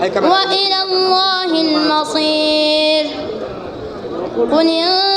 وإلى الله المصير قل إن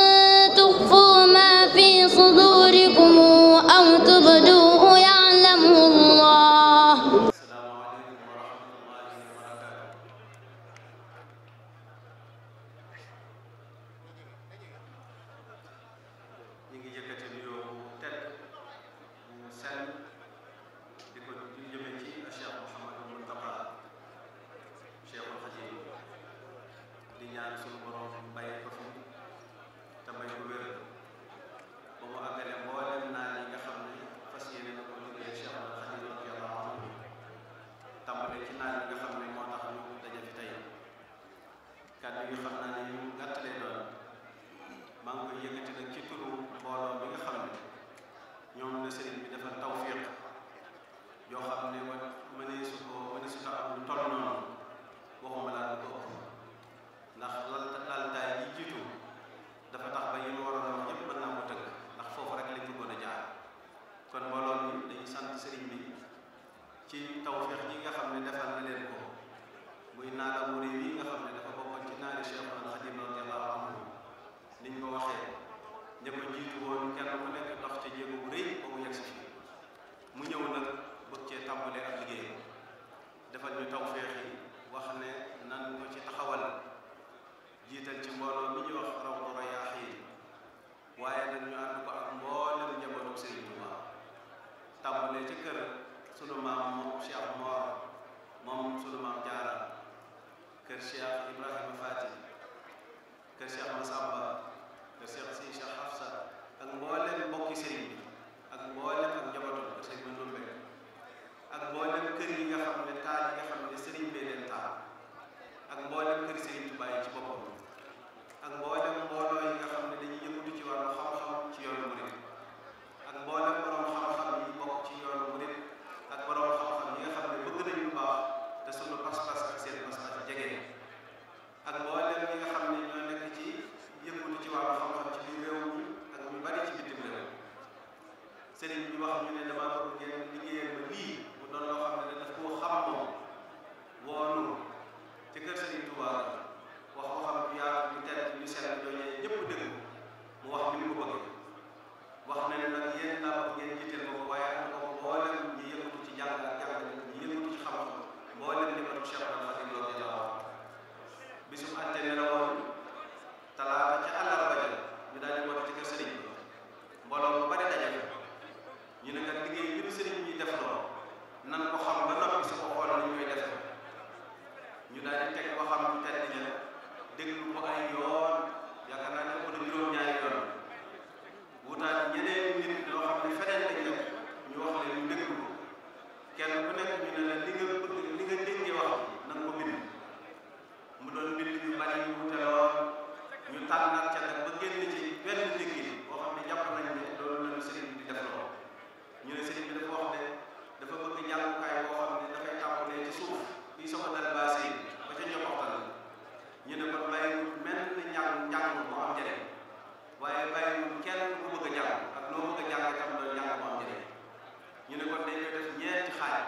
ca nag ba génn ci benn déggin boo xam ne jàpp nañ ne loolu lañu sëriñ bi di def lool ñu ne sëriñ bi dafa wax ne dafa bëgg jàngukaay boo xam ne dafay tàmbalee ci suuf fii soog a dal baas yi ba ca ñoxoxtal ñu ne kon bàyyiwul mel ni njàng njàng mu am njëriñ waaye bàyyiwul kenn ku bëgg a jàng ak loo bëgg a jàng tam loolu njàng mu am njëriñ ñu ne kon dañuy def ñeenti xaaj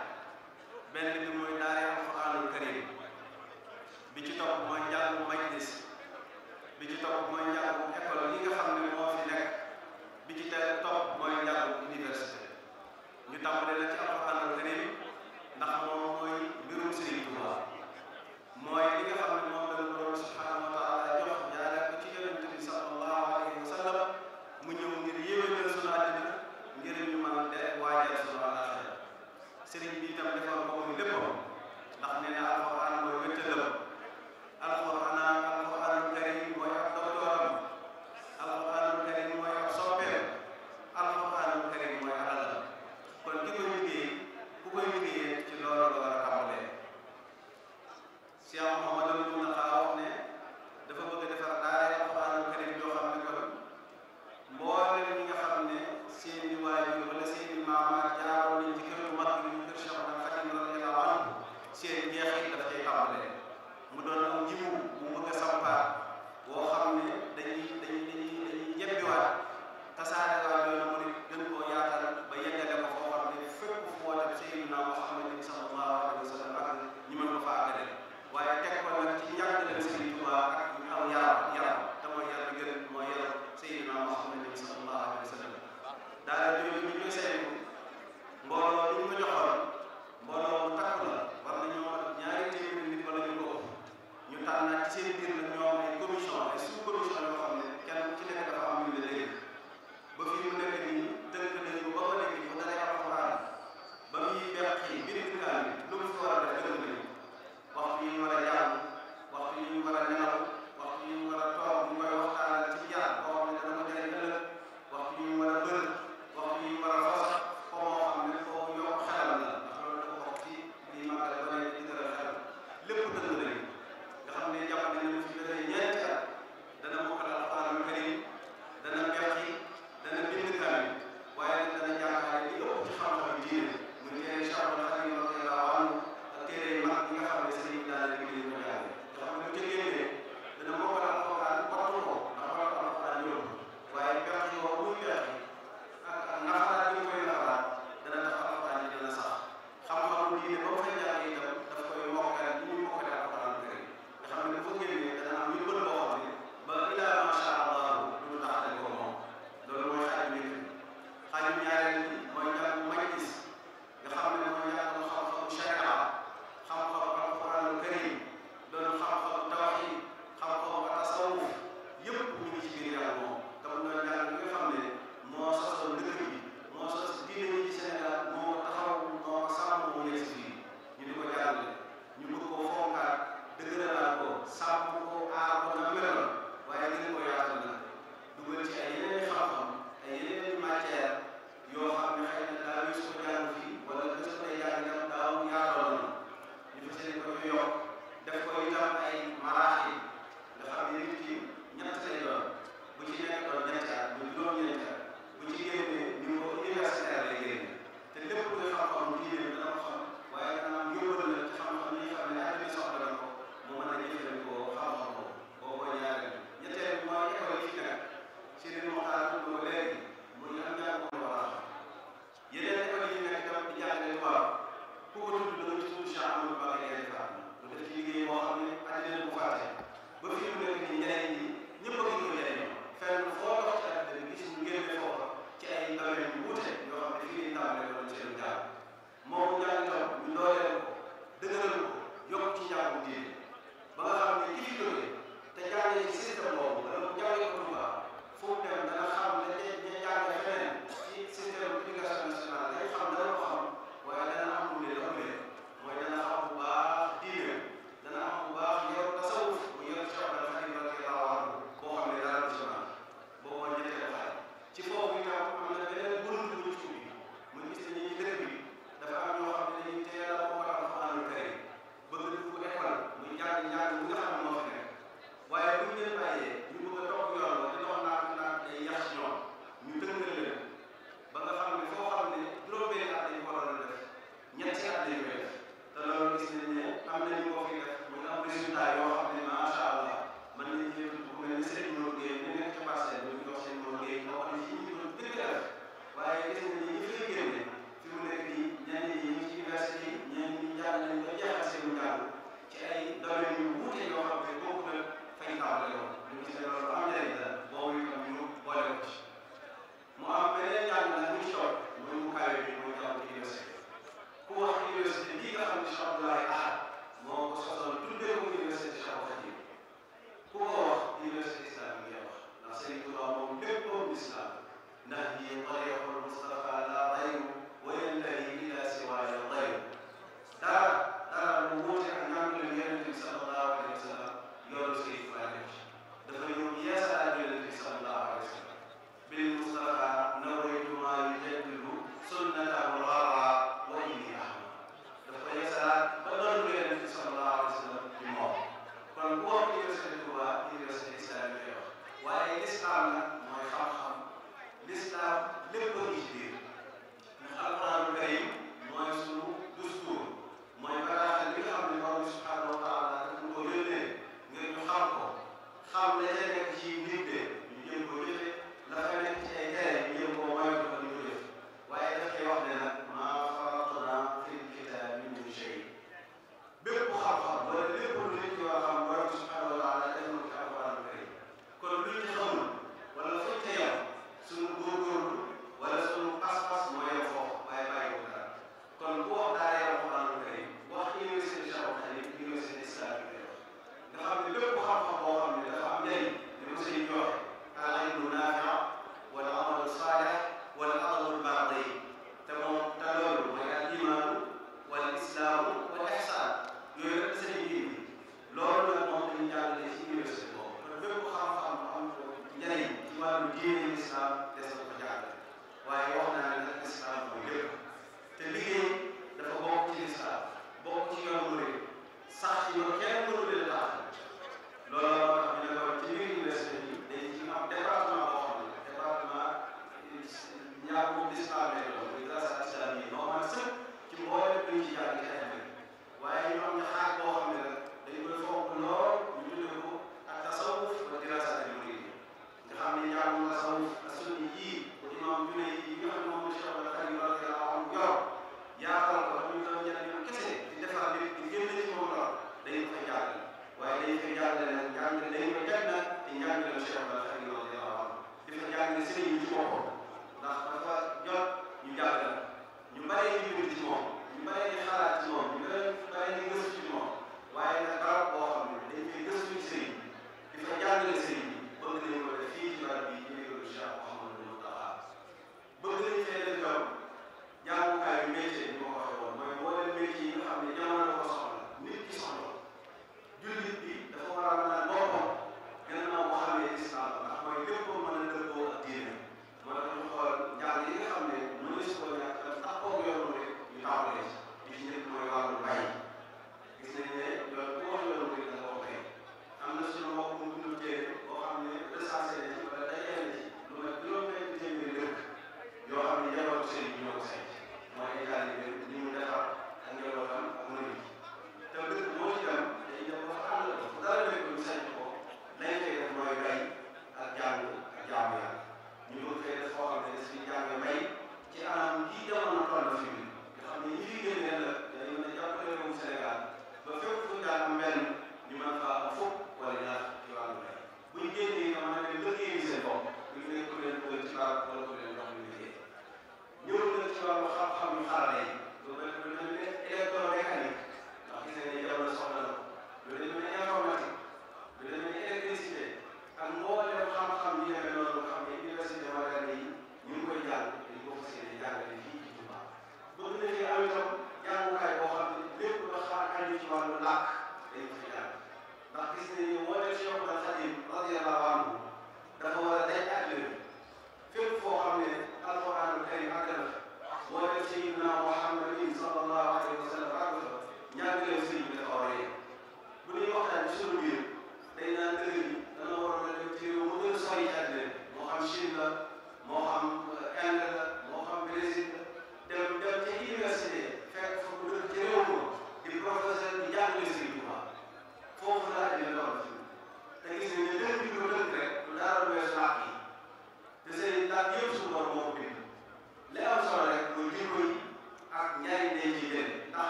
benn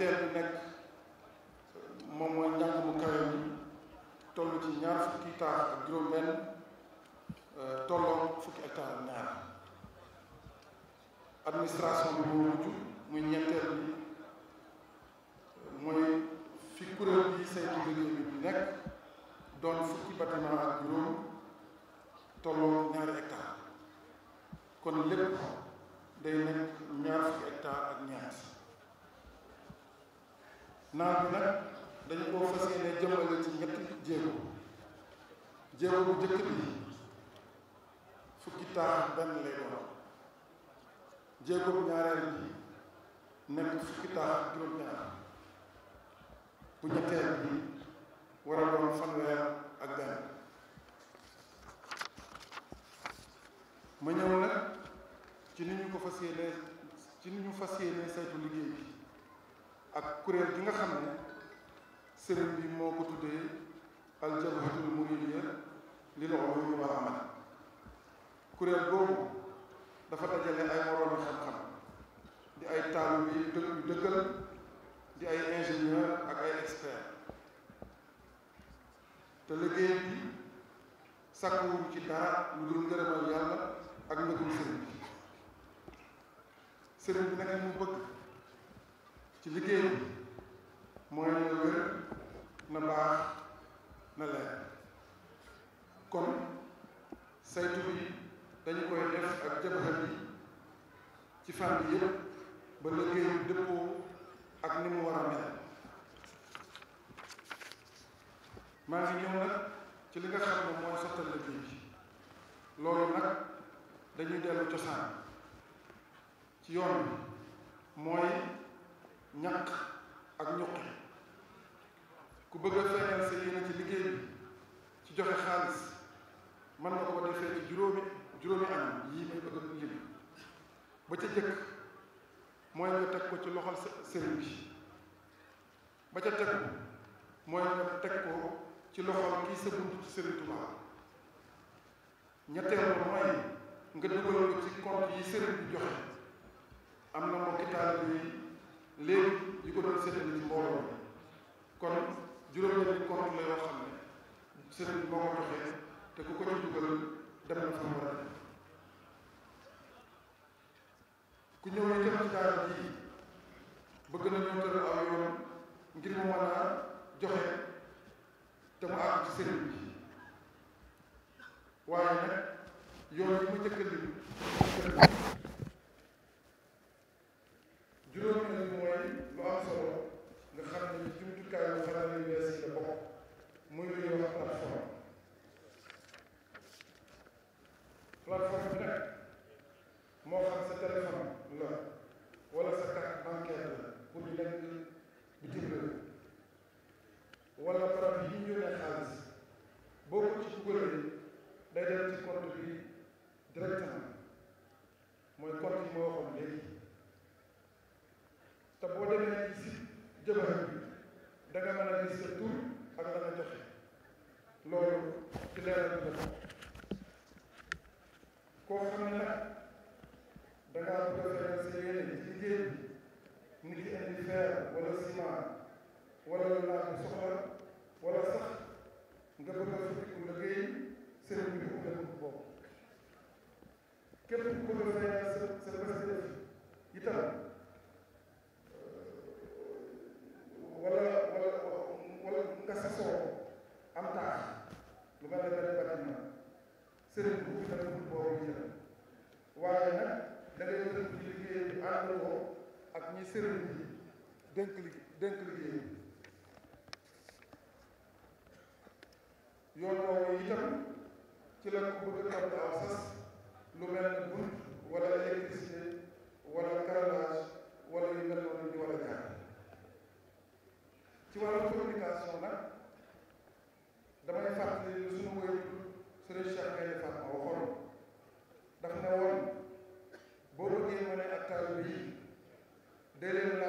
teel bi nekk moom mooy njàng mu kawe mi ci ñaar fukki taax ak juróom-benn euh, fukki hectare ñaar administration bi moo mujj sëriñ bi moo ko tuddee aljabhatul muridiyya lil ulumi wal amal kuréel boobu dafa dajale ay moroomi xam-xam di ay taalibe yu dëggal di ay ingénieur ak ay expert te liggéey bi sàkkuwul ci dara lu dul ngërëmal yàlla ak ndëgum sëriñ bi sëriñ bi nag mu bëgg ci liggéey bi mooy nga na baax na leer kon saytu bi dañu koy def ak jabaxal yi ci fànn yëpp ba liggéey dëppoo ak ni mu war mel maa ngi ñëw nag ci li nga xam ne mooy sottal liggéey bi loolu nag dañuy dellu cosaan ci yoon bi mooy ñaq ak ñuqi ku bëgg a feeñal sa yéene ci liggéey bi ci joxe xaalis mën na ko defee ci juróomi juróomi anam yii may bëgg a lim ba ca jëkk mooy nga teg ko ci loxol sëriñ bi ba tegu teg ko ci loxol kii sa buntu ci sëriñ Tuubaa ñetteelu mooy nga dugal ko ci compte yi sëriñ bi joxe am na mbokki taalibe yi léegi yu ko doon séddale ci mbooloo kon juróom-ñaari compte la xam ne sëriñ boo ko joxee te ku ko ci dem na fa war a ku ñëw itam ci daara ji bëgg na ñoo tëral aw yoon ngir mu mën a te mu àgg ci sëriñ bi waaye nag yoon yi mu njëkk lim dee leen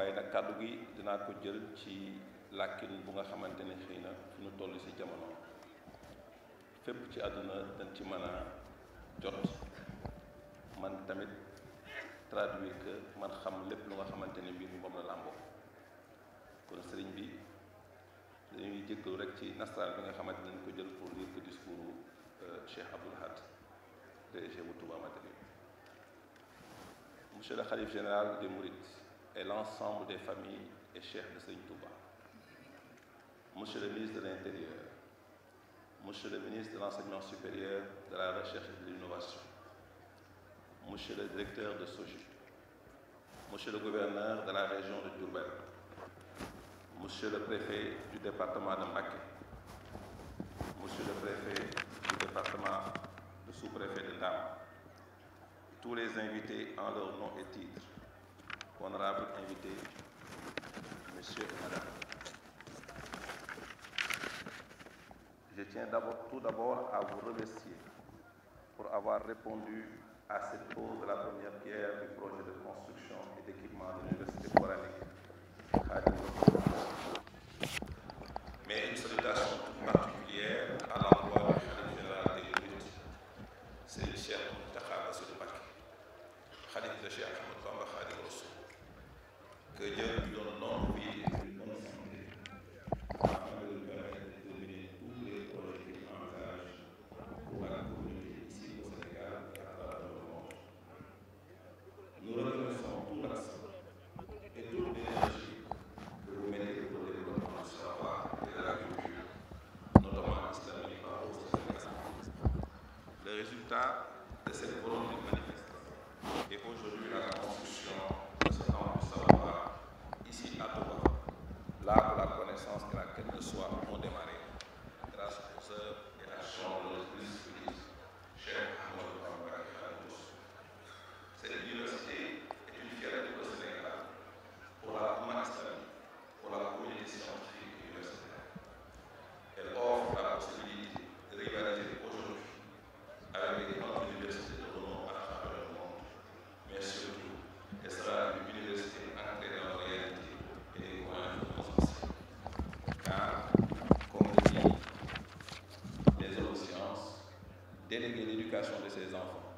waaye nag kàddu gi dinaa ko jël ci làkkin bu nga xamante ne xëy na fi ñu toll ci jamono fépp ci àdduna dañ ci mën a jot man tamit traduire que man xam lépp lu nga xamante ne mbir mi moom la làmboo kon sëriñ bi dañuy jëkkalu rek ci nasaraan bi nga xamante nañ ko jël pour lire ko discours euh, Cheikh Abdoul Ahad DG bu Touba Matelib monsieur le khalife général des Mourides et l'ensemble des familles et chefs de Seigne Touba. Monsieur le ministre de l'Intérieur, Monsieur le ministre de l'Enseignement supérieur, de la Recherche et de l'Innovation, Monsieur le directeur de SOGI, Monsieur le gouverneur de la région de Diourbel, Monsieur le préfet du département de Mbacké, Monsieur le préfet du département de sous-préfet de Dame, tous les invités en leur nom et titre, honorable invité monsieur et madame je tiens tout d'abord à vous remercier pour avoir répondu à cette pose de la première pierre du projet de construction et d'équipement de l'université coranique Khadimou-Rassoul mais une salutation toute que Dieu l'éducation de ses enfants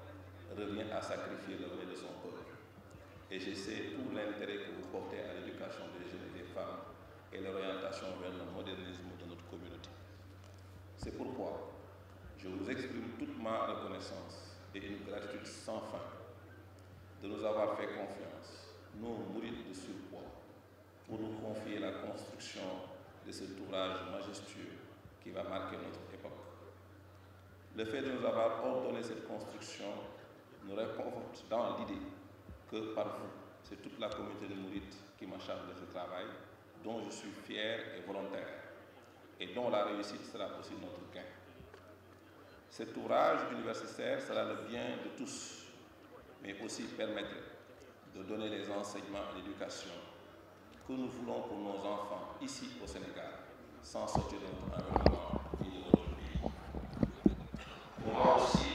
revient à sacrifier le de son peuple. Et je sais l'intérêt que vous portez à l'éducation des jeunes et des femmes et l'orientation vers le modernisme de notre communauté. C'est pourquoi je vous exprime toute ma reconnaissance et une gratitude sans fin de nous avoir fait confiance, nous mourir de surpoids, pour nous confier la construction de cet ouvrage majestueux qui va marquer notre le fait de nous avoir ordonné cette construction nous réconforte dans l'idée que par vous, c'est toute la communauté de Mourites qui m'a charge de travail, dont je suis fier et volontaire, et dont la réussite sera aussi notre gain. Cet ouvrage universitaire sera le bien de tous, mais aussi permettre de donner les enseignements à l'éducation que nous voulons pour nos enfants ici au Sénégal, sans sortir de environnement. On parle aussi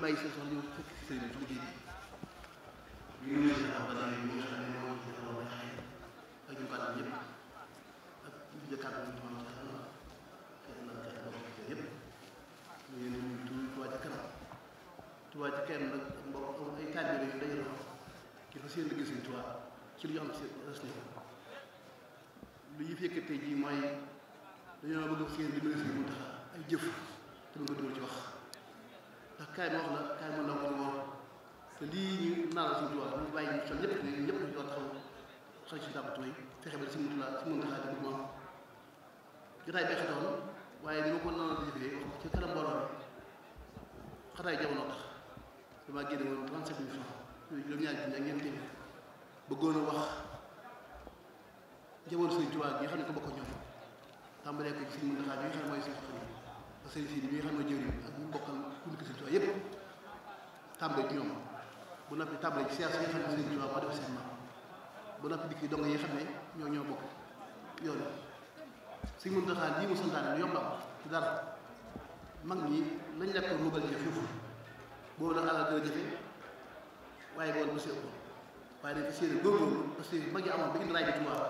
ngeen bàyyi seen soxla ñëw fekk si sëriñ bi liggéey yi nga ne moom ci taxaw ak ak ñu ko daan yëpp ak ñu jëkkaat ñu moom ci taxaw xëy na xëy na bokk ci yëpp ñu ngi leen di tudd Touba ci kanam Touba kenn nag mbokk ay taalibe yu daje na fa seen liggéey ne seen lu ñu fekkee tey jii mooy dañoo bëgg seen dimbali mu tax ay jëf kaay ma wax la kaay ma nangu woon te lii ñu naan la suñu tubaab ñu bàyyi ñu sonn ñëpp si dàbbatu yi fexe ba si mu tulaa waaye ni ma ko ci kanam mbooloo bi xataay jamono tax damaa génne woon 37 mille francs yooyu a wax jamono nga xam ne ko bokk ñoom tàmbalee ko ci suñu ndaxaa bi nga xam ne mooy suñu xarit parce que sëriñ si bi nga xam ne jëriñ ak ñu bokkal ku nekk seen Tuubaa yëpp tàmbali ci ñoom bu noppi tàmbali ci siyaas yi nga xam ne seen Tuubaa moo def seen maam bu noppi dikk dong yi nga xam ne ñoo ñoo bokk yoon si mun taxaan yi mu santaane lu yombam ci dara mag ñi lañ lekk lugal jafe foofu boobu la alal dana jafe waaye woon bu seew waaye dañ ko séeréer góorgóorlu parce que mag yi amoon ba indi raay bi tubaab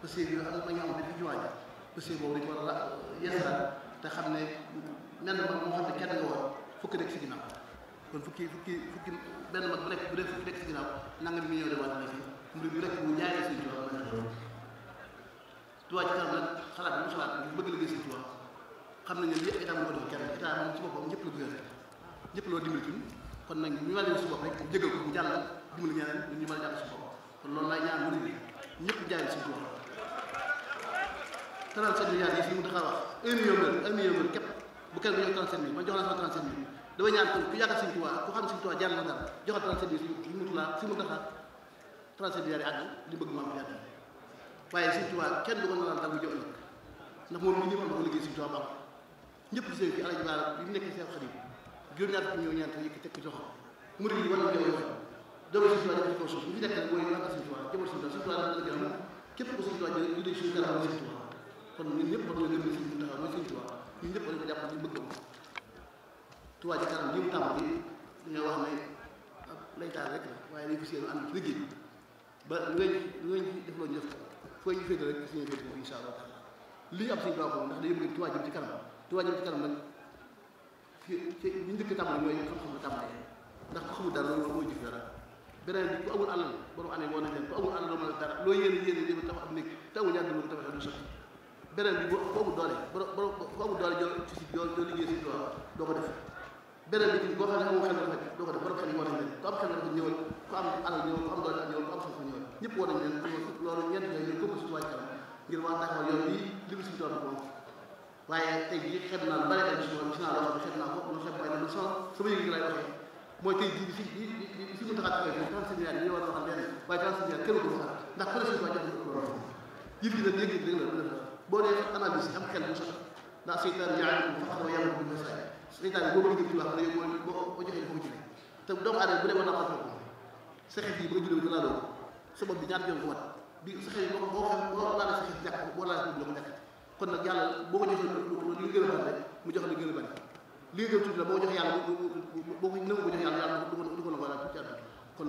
parce que yoo xam ne mag yi amoon ba fi juwaan parce que boobu dañ ko war a yeesalaat te xam ne mel na moo xam ne kenn nga woon fukki nekk si ginnaaw kon fukki fukki fukki benn mag bu nekk bu dee fukki nekk si ginnaaw nangam million de waat na fi mbir bu xalaat bi mu xalaat ñu bëgg liggéey Sëriñ nañ ne lii état moo ci boppam ñëpp la gouverné ñëpp loo dimbali ci kon nag ñu wàllu su bopp rek jégal ko mu jàll dimbali ñeneen ñu mën a jàll kon loolu laay ñaan mu nit ñëpp jaayee Sëriñ Tuubaa 37 milliards yi fi wax 1 million képp bu kenn bu jox 37 mille ma la 37 damay ñaan kon ku yàggal Sëñ Tuubaa ku xam Sëñ Tuubaa jàll na dara joxe transfert bi li mu tulaa si mu taxa transfert bi yaari àgg li bëgg mu am yàgg waaye Sëñ Tuubaa kenn du ko nanal dara mu jox ëllëg ndax moom li ñëwoon da ko liggéey Sëñ Tuubaa ba am ñëpp gis nañ fi alaji baara bi nekk seen xarit juróom-ñaar fukk ñëw ñaata yëkk teg ko jox murid yi wala jox doomu Sëñ Tuubaa def ko suuf ñu fi nekk mooy yàggal Sëñ Tuubaa jëmal Sëñ Tuubaa Sëñ Tuubaa dana gërëm képp ko Sëñ Tuubaa jël ñu dégg suñu dara Sëñ Tuubaa kon ñun ñëpp war na gëm Sëñ Tuubaa mooy Sëñ Tuubaa ñun ñëpp war na ko jàpp ñu bëgg Touba Ca Kanam li mu tàmm bi dañoo wax ne ab laytaal rek la waaye dañ ko séenu ànd ci liggéey ba lu ngeen lu ngeen ci def loo ñu def foo ñu féete rek suñu féete bi incha allah taala lii am suñu baaxoo ndax day yëngu Touba jëm ci kanam Touba jëm ci kanam nag fi fi ñu njëkk tàmbali mooy xam-xam la tàmbali ndax ko xamul dara loolu mooy jëf dara beneen bi ku amul alal borom année boo nañ leen ku amul alal doo mën a dara loo yéene yéene yéene tabax am nekk te amul ñaar ko tabaxee du sotti beneen bi boo amul doole borom borom ku amul doole joo ci si joo liggéey si doo ko def beneen bi ci boo xam ne amoo xel dafa doo ko def borom xel yi war nañ leen ku am xel dafa ñëwal ku am alal ñëwal ku am doole ak ñëwal ku am suuf ñëwal ñëpp war nañ leen loolu ñeent yooyu ñu ko ci wàcc kanam ngir waa taxawal yoon yi li mu suñu doon moom waaye tey jii xeeb naa lu bari tam si si naa loo xam ne xeeb naa ko lu xeeb waaye nag lu son sama yëg lay waxee mooy tey jii bi fi bi fi mu taxaat koy trente six milliards yi ñu war a waxal benn waaye trente six milliards kenn ko waxal ndax ku ne suñu wàcc yëf yi nag yëg yi dëgg la boo dee analyse am xel bu sax ndax seytaan yaalu ko fa xaw yàlla bu sa seytaane boo ko liggéey boo boo joxee li foofu ci ne te doomu aadama bu demoon naa ko ba nga ko laaloo bi ñaata yoon ko wat bi sa xef sa xef jàkk boo laalee sa ko nekk kon nag yàlla boo ko a mu jox li gën a la boo ko joxee yàlla boo ko nangu ko jox yàlla yàlla du ko du ko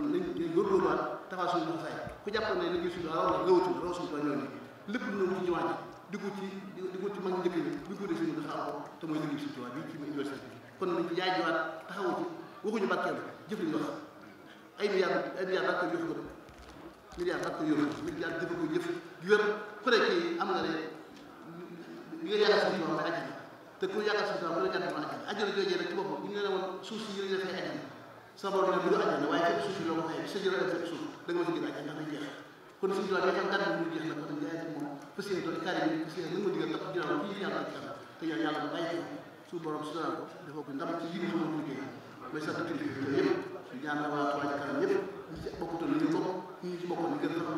suñu ko say ku jàpp ne liggéey suñu raw na raw suñu ko ñëw lépp lu ñu ci di ko ci di ko ci mag njëkk ñi bi ko defee ko te mooy liggéey surtout bi ci université bi kon nañ ci yaay jiwaat taxawu ci waxuñu barkeel jëf li ñu wax ay milliards ay milliards barkeel jox ko milliards barkeel yox ko milliards ci boppam ñu ne la woon suuf si yéen a defee sa borom ne du ajjana waaye suuf si ko xëy sa jël suuf kon suñu doon dafa gàddu mu jeex na ma digal ndax ginnaaw fii yàlla ak yàlla te ñaan yàlla bàyyi ko suñu borom su dara ko dafa ko ndam ci yi xamul liggéey mooy sant kilifa yooyu yëpp ñu ñaan la waa Touba ca kanam yëpp ñi bokk ñi ci a xam na mu toll xam xam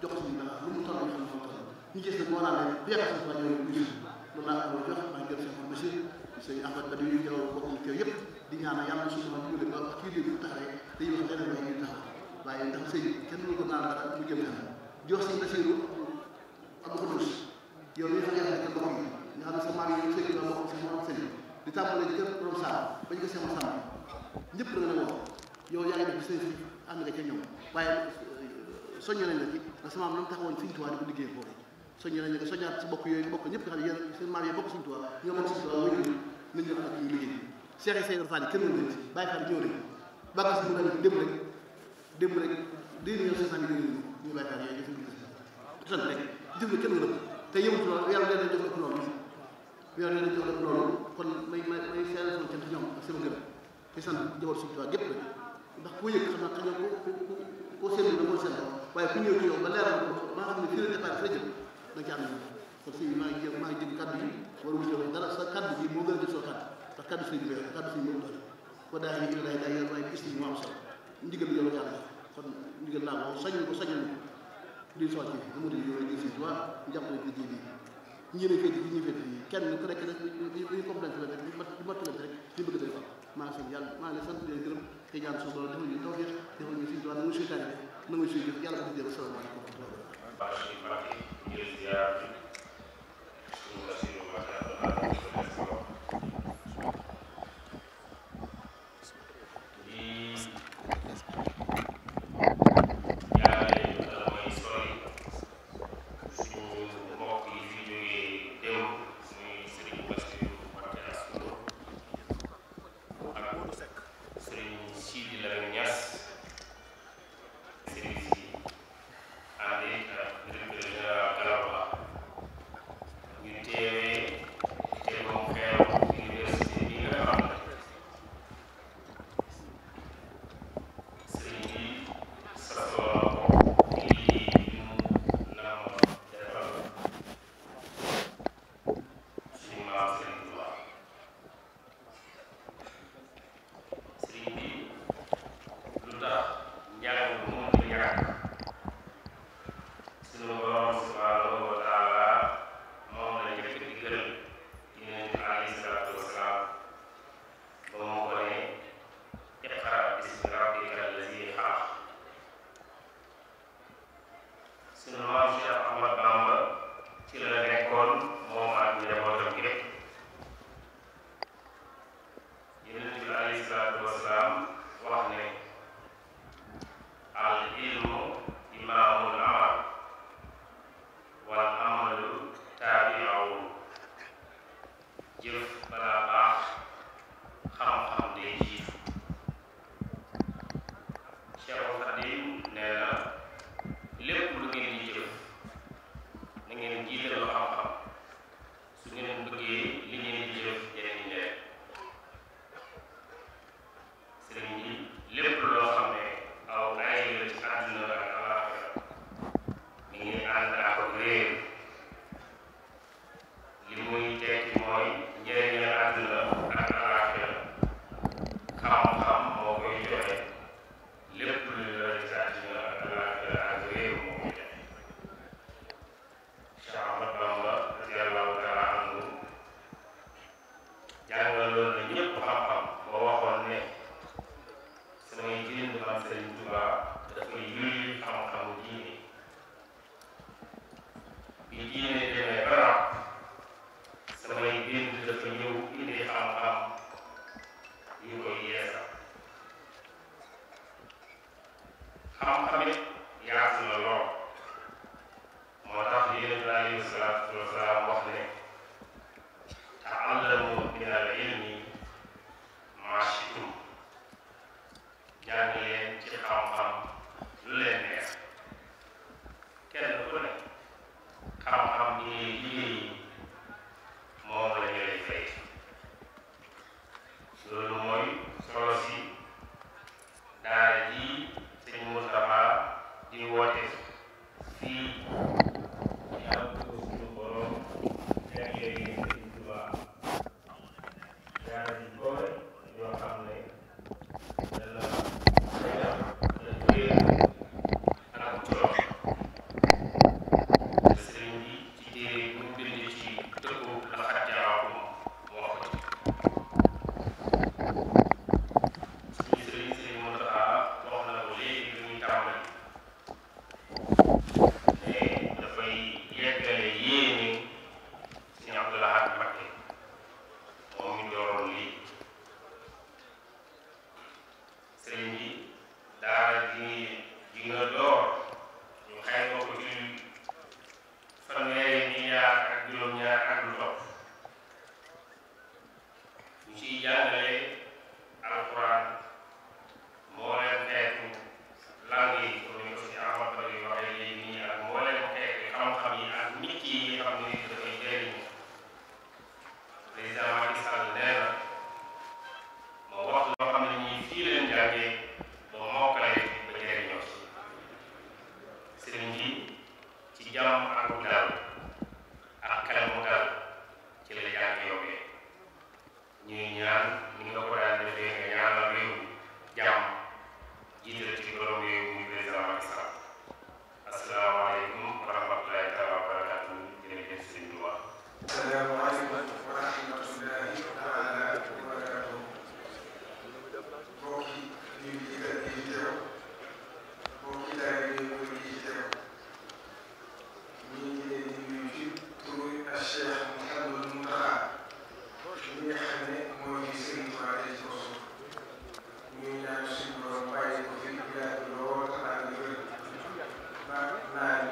toll ñu gis nag moo naan rek beex suñu rajo loolu laa amoon jox maa ngi gërëm seen Bachir sëñ Ahmad Dabi ñu jëlal bokk ñu teew yëpp di ñaanal yàlla suñu borom dimbali ba kii dégg bu taxawee dañuy wax benn way ñu taxaw waaye ndax sëñ kenn lu ko naan dara mu jëm kanam di wax sëñ Basiru Abdu Xudus yow ñu fa yàlla kenn borom nga xam ne sa maam yi sëñ la wax sa morom sëñ di tàmbalee ci kër borom saam bañ ko sama sam ñëpp la la wax yow yaa ngi def sëñ ànd nga ca ñoom waaye soñño nañ la ci ndax sama maam la mu taxawoon sëñ Tuubaa di ko liggéey foofu soñño nañ la soññaat si bokk yooyu bokk ñëpp nga xam ne yéen seen maam yi bokk sëñ Tuubaa ñoo bokk sëñ Tuubaa nañ leen ak ñu liggéey Cheikh Seydou Fall yi kenn mën nañ ci Baye Fall ñëw nañ bàggas mu dañ dem rek dem rek deux millions cinq cent mille ñu Baye Fall yooyu def nañ rek jëf na kenn mën te yëmut loolu yàlla dana jox ëpp loolu yàlla dana jox ëpp loolu kon may may may seeral sama cant ñoom ak sama gën te sant njaboot suñu tubaab gépp rek ndax ku yëg xam naa xëy na ku ku ku seen na moo seen waaye ku ñëw ci yow ba leeral ko ba nga xam ne fii la départ fa la jëm da nga ci am kon sëñ bi maa ngi jëm maa ngi jëm kàddu yi war wuñ dara sa kàddu bi moo gën a def soo kàddu ndax kaddu sëriñ bi kaddu sëriñ moom doole ko daal yi lay day waaye gis ni mu am solo ndigal bi yow yàlla kon ndigal laa ko sañul ko sañul di soo ci lu mu di yow di sëriñ Tuubaa jàppale ko ji bi ñi ne féete ñi féete ñi kenn ku nekk rek ñu complète la rek ñu mottalante rek ñu bëgg day fa maa sant yàlla maa ngi sant leen gërëm te ñaan suñu borom defal ñu tawfeex defal ñu sëriñ Tuubaa na mu suy tànn na mu suy jëf yàlla ko di jël salaamaaleykum jëf balaa baax xam-xam day jiitu Cheikhul Khadim nee lépp lu ngeen di jëf na ngeen jiital xam-xam su ngeen bëggee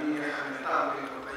yi nga xam ne taamu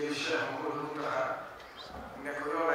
jël Cheikh Mouhamadou Mountakha ne ko yow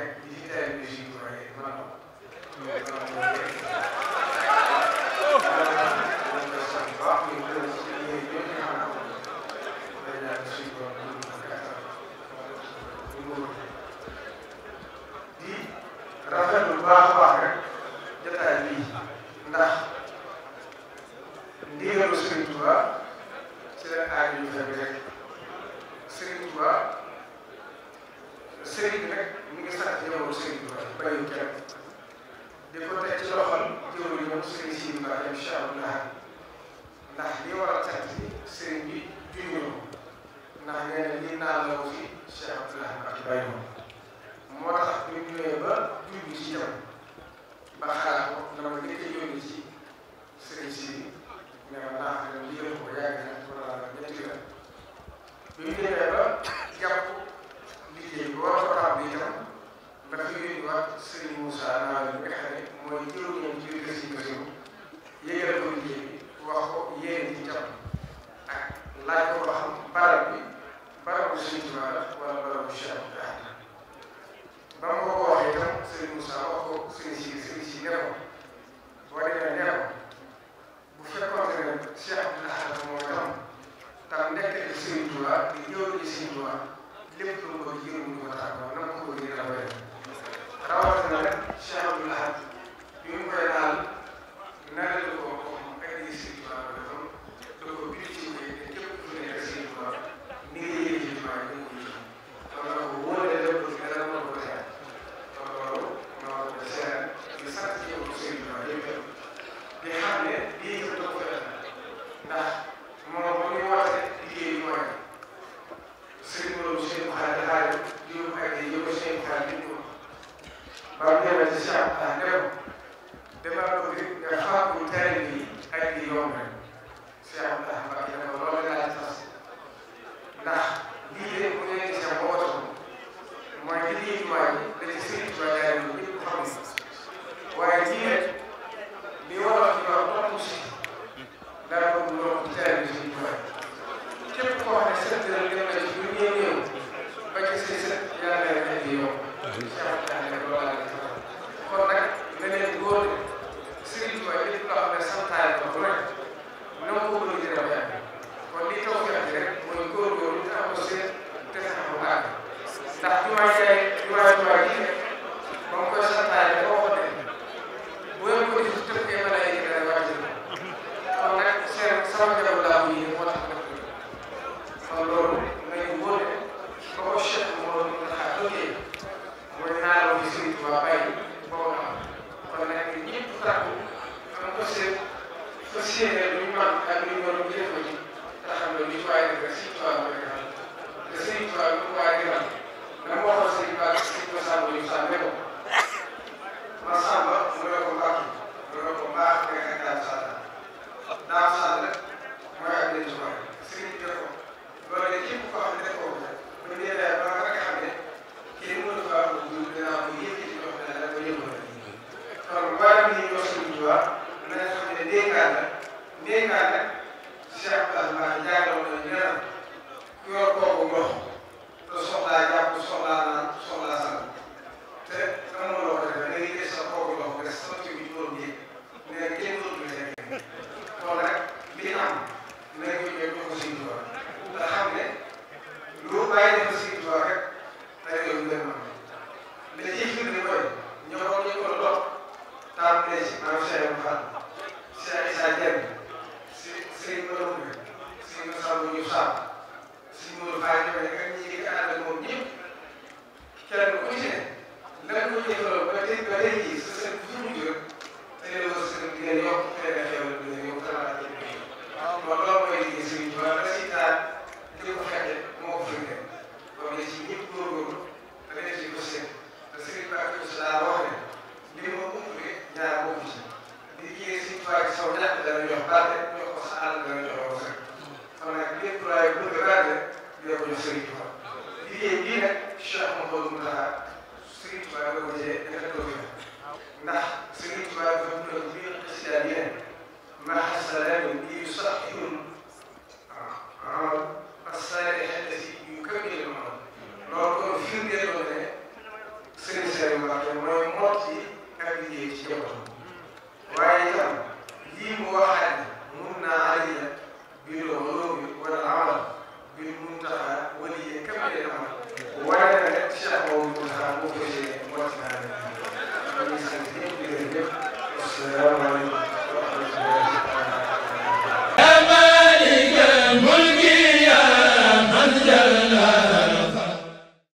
nag di ci teel musique waaye dama topp day xam ne lii nga doon ko def ndax.